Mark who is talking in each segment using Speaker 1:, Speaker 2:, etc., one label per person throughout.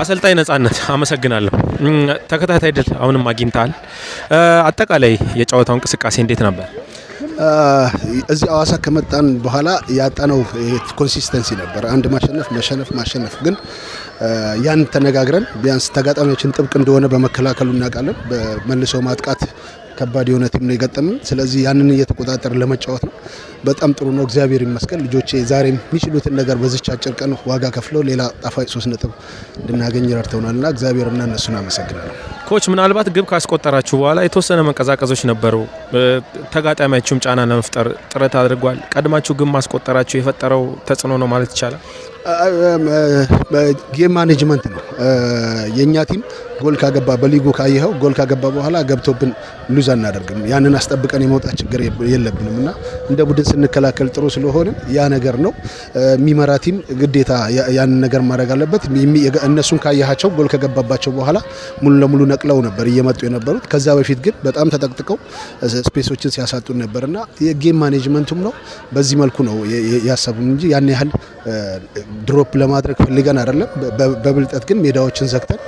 Speaker 1: አሰልጣኝ ነጻነት አመሰግናለሁ። ተከታታይ ድል አሁንም አግኝተሃል። አጠቃላይ የጨዋታው እንቅስቃሴ እንዴት ነበር?
Speaker 2: እዚህ አዋሳ ከመጣን በኋላ ያጣነው ኮንሲስተንሲ ነበር። አንድ ማሸነፍ መሸነፍ ማሸነፍ ግን ያን ተነጋግረን ቢያንስ ተጋጣሚዎችን ጥብቅ እንደሆነ በመከላከሉ እናውቃለን። በመልሰው ማጥቃት ከባድ የሆነ ቲም ነው የገጠምን። ስለዚህ ያንን እየተቆጣጠር ለመጫወት ነው። በጣም ጥሩ ነው፣ እግዚአብሔር ይመስገን። ልጆቼ ዛሬ የሚችሉትን ነገር በዚች አጭር ቀን ዋጋ ከፍለው ሌላ ጣፋጭ ሶስት ነጥብ እንድናገኝ ረድተውናል እና እግዚአብሔርና እነሱን አመሰግናለሁ።
Speaker 1: ኮች ምናልባት ግብ ካስቆጠራችሁ በኋላ የተወሰነ መንቀሳቀሶች ነበሩ። ተጋጣሚያችሁም ጫና ለመፍጠር ጥረት አድርጓል። ቀድማችሁ ግብ ማስቆጠራችሁ የፈጠረው ተጽዕኖ ነው ማለት ይቻላል።
Speaker 2: ጌም ማኔጅመንት ነው የእኛ ቲም ጎል ካገባ በሊጉ ካየኸው ጎል ካገባ በኋላ ገብቶብን ሉዝ አናደርግም። ያንን አስጠብቀን የመውጣት ችግር የለብንም እና እንደ ቡድን ስንከላከል ጥሩ ስለሆነ ያ ነገር ነው የሚመራ ቲም ግዴታ ያንን ነገር ማድረግ አለበት። እነሱን ካየሃቸው ጎል ከገባባቸው በኋላ ሙሉ ለሙሉ ነቅለው ነበር እየመጡ የነበሩት። ከዛ በፊት ግን በጣም ተጠቅጥቀው ስፔሶችን ሲያሳጡን ነበር እና የጌም ማኔጅመንቱም ነው በዚህ መልኩ ነው ያሰቡን እንጂ ያን ያህል ድሮፕ ለማድረግ ፈልገን አይደለም። በብልጠት ግን ሜዳዎችን ዘግተን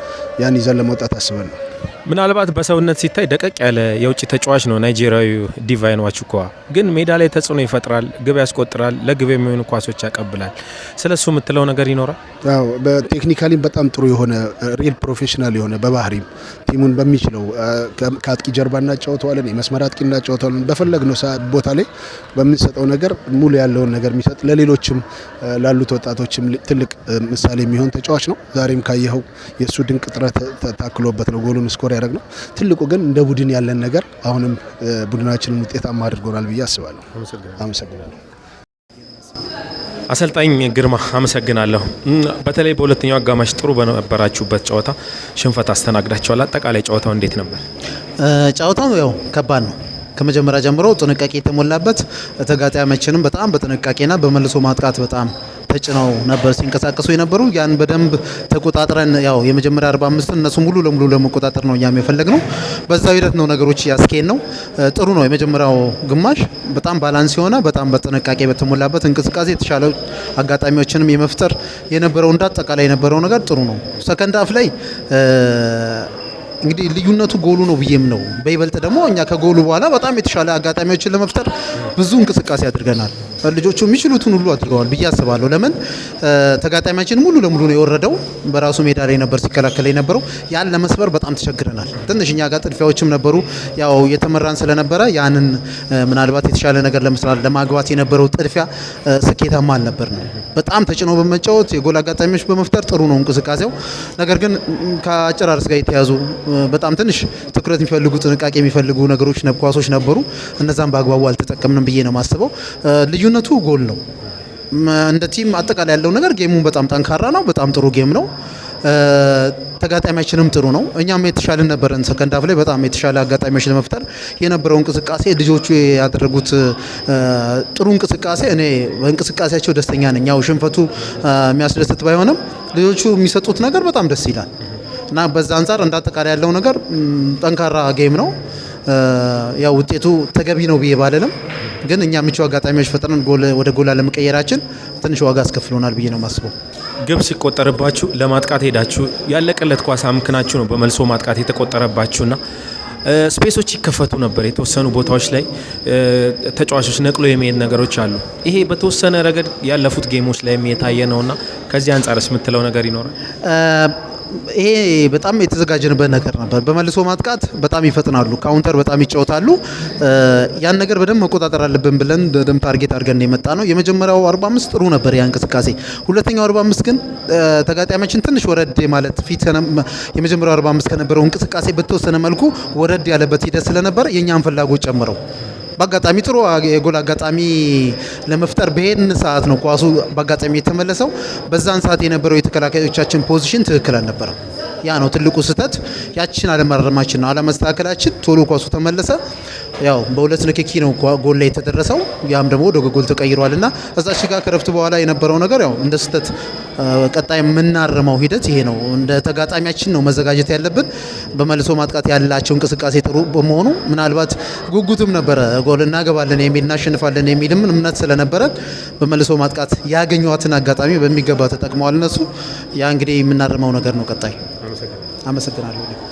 Speaker 2: ያን ይዘን ለመውጣት አስበን ነው።
Speaker 1: ምናልባት በሰውነት ሲታይ ደቀቅ ያለ የውጭ ተጫዋች ነው ናይጄሪያዊ ዲቫይን ዋቹኳ። ግን ሜዳ ላይ ተጽዕኖ ይፈጥራል፣ ግብ ያስቆጥራል፣ ለግብ የሚሆኑ ኳሶች ያቀብላል። ስለ እሱ የምትለው ነገር ይኖራል?
Speaker 2: በቴክኒካሊም በጣም ጥሩ የሆነ ሪል ፕሮፌሽናል የሆነ በባህሪም ቲሙን በሚችለው ከአጥቂ ጀርባ እናጫወተዋለን፣ የመስመር አጥቂ እናጫወተዋለን። በፈለግነው ቦታ ላይ በምንሰጠው ነገር ሙሉ ያለውን ነገር የሚሰጥ ለሌሎችም ላሉት ወጣቶችም ትልቅ ምሳሌ የሚሆን ተጫዋች ነው። ዛሬም ካየኸው የእሱ ድንቅ ጥረት ታክሎበት ነው ጎሉን ስኮር ያደረግ ነው። ትልቁ ግን እንደ ቡድን ያለን ነገር አሁንም ቡድናችንን ውጤታማ አድርጎናል ብዬ አስባለሁ። አመሰግናለሁ።
Speaker 1: አሰልጣኝ ግርማ አመሰግናለሁ። በተለይ በሁለተኛው አጋማሽ ጥሩ በነበራችሁበት ጨዋታ ሽንፈት አስተናግዳችኋል። አጠቃላይ ጨዋታው እንዴት ነበር?
Speaker 3: ጨዋታው ያው ከባድ ነው። ከመጀመሪያ ጀምሮ ጥንቃቄ የተሞላበት ተጋጣሚያችንም በጣም በጥንቃቄና በመልሶ ማጥቃት በጣም ተጭነው ነበር ሲንቀሳቀሱ የነበሩ። ያን በደንብ ተቆጣጥረን ያው የመጀመሪያ 45 እነሱ ሙሉ ለሙሉ ለመቆጣጠር ነው እኛም ነው። በዛ ሂደት ነው ነገሮች ያስኬድ ነው። ጥሩ ነው። የመጀመሪያው ግማሽ በጣም ባላንስ የሆነ በጣም በጥንቃቄ በተሞላበት እንቅስቃሴ የተሻለ አጋጣሚዎችንም የመፍጠር የነበረው እንዳጠቃላይ የነበረው ነገር ጥሩ ነው። ሰከንድ አፍ ላይ እንግዲህ ልዩነቱ ጎሉ ነው ብዬም ነው። በይበልጥ ደግሞ እኛ ከጎሉ በኋላ በጣም የተሻለ አጋጣሚዎችን ለመፍጠር ብዙ እንቅስቃሴ አድርገናል። ልጆቹ የሚችሉትን ሁሉ አድርገዋል ብዬ አስባለሁ። ለምን ተጋጣሚያችን ሙሉ ለሙሉ ነው የወረደው። በራሱ ሜዳ ላይ ነበር ሲከላከል የነበረው። ያን ለመስበር በጣም ተቸግረናል። ትንሽ እኛ ጋር ጥድፊያዎችም ነበሩ። ያው የተመራን ስለነበረ ያንን ምናልባት የተሻለ ነገር ለመስራት ለማግባት የነበረው ጥድፊያ ስኬታማ አልነበር ነው። በጣም ተጭኖ በመጫወት የጎል አጋጣሚዎች በመፍጠር ጥሩ ነው እንቅስቃሴው። ነገር ግን ከአጨራረስ ጋር የተያዙ በጣም ትንሽ ትኩረት የሚፈልጉ ጥንቃቄ የሚፈልጉ ነገሮች ኳሶች ነበሩ። እነዛም በአግባቡ አልተጠቀምንም ብዬ ነው የማስበው ልዩ ልዩነቱ ጎል ነው። እንደ ቲም አጠቃላይ ያለው ነገር ጌሙን በጣም ጠንካራ ነው። በጣም ጥሩ ጌም ነው። ተጋጣሚያችንም ጥሩ ነው። እኛም የተሻለን ነበረን። ሰከንድ ሀፍ ላይ በጣም የተሻለ አጋጣሚዎች ለመፍጠር የነበረው እንቅስቃሴ ልጆቹ ያደረጉት ጥሩ እንቅስቃሴ፣ እኔ በእንቅስቃሴያቸው ደስተኛ ነኝ። ያው ሽንፈቱ የሚያስደስት ባይሆንም ልጆቹ የሚሰጡት ነገር በጣም ደስ ይላል እና በዛ አንጻር እንዳጠቃላይ ያለው ነገር ጠንካራ ጌም ነው። ያው ውጤቱ ተገቢ ነው ብዬ ባለንም ግን እኛ ምቹ አጋጣሚዎች ፈጥረን ወደ ጎላ ለመቀየራችን ትንሽ ዋጋ አስከፍሎናል ብዬ ነው የማስበው።
Speaker 1: ግብ ሲቆጠርባችሁ ለማጥቃት ሄዳችሁ ያለቀለት ኳስ አምክናችሁ ነው በመልሶ ማጥቃት የተቆጠረባችሁና ስፔሶች ይከፈቱ ነበር። የተወሰኑ ቦታዎች ላይ ተጫዋቾች ነቅሎ የመሄድ ነገሮች አሉ። ይሄ በተወሰነ ረገድ ያለፉት ጌሞች ላይ የታየ ነውና ከዚህ አንጻርስ የምትለው ነገር ይኖራል?
Speaker 3: ይሄ በጣም የተዘጋጀንበት ነገር ነበር። በመልሶ ማጥቃት በጣም ይፈጥናሉ፣ ካውንተር በጣም ይጫወታሉ። ያን ነገር በደንብ መቆጣጠር አለብን ብለን በደንብ ታርጌት አድርገን የመጣ ነው። የመጀመሪያው 45 ጥሩ ነበር ያ እንቅስቃሴ። ሁለተኛው 45 ግን ተጋጣሚያችን ትንሽ ወረድ ማለት ፊት የመጀመሪያው 45 ከነበረው እንቅስቃሴ በተወሰነ መልኩ ወረድ ያለበት ሂደት ስለነበር የእኛን ፍላጎት ጨምረው በአጋጣሚ ጥሩ የጎል አጋጣሚ ለመፍጠር በሄድን ሰዓት ነው ኳሱ በአጋጣሚ የተመለሰው። በዛን ሰዓት የነበረው የተከላካዮቻችን ፖዚሽን ትክክል አልነበረም። ያ ነው ትልቁ ስህተት። ያችን አለማረማችን ነው አለመስተካከላችን። ቶሎ ኳሱ ተመለሰ። ያው በሁለት ንክኪ ነው ጎል ላይ የተደረሰው። ያም ደግሞ ወደ ጎል ተቀይሯል እና እዛች ከረፍት በኋላ የነበረው ነገር ያው እንደ ስህተት ቀጣይ የምናርመው ሂደት ይሄ ነው። እንደ ተጋጣሚያችን ነው መዘጋጀት ያለብን። በመልሶ ማጥቃት ያላቸው እንቅስቃሴ ጥሩ በመሆኑ ምናልባት ጉጉትም ነበረ ጎል እናገባለን የሚል እናሸንፋለን የሚልም እምነት ስለነበረ በመልሶ ማጥቃት ያገኘዋትን አጋጣሚ በሚገባ ተጠቅመዋል እነሱ። ያ እንግዲህ የምናርመው ነገር ነው ቀጣይ አመሰግናለሁ።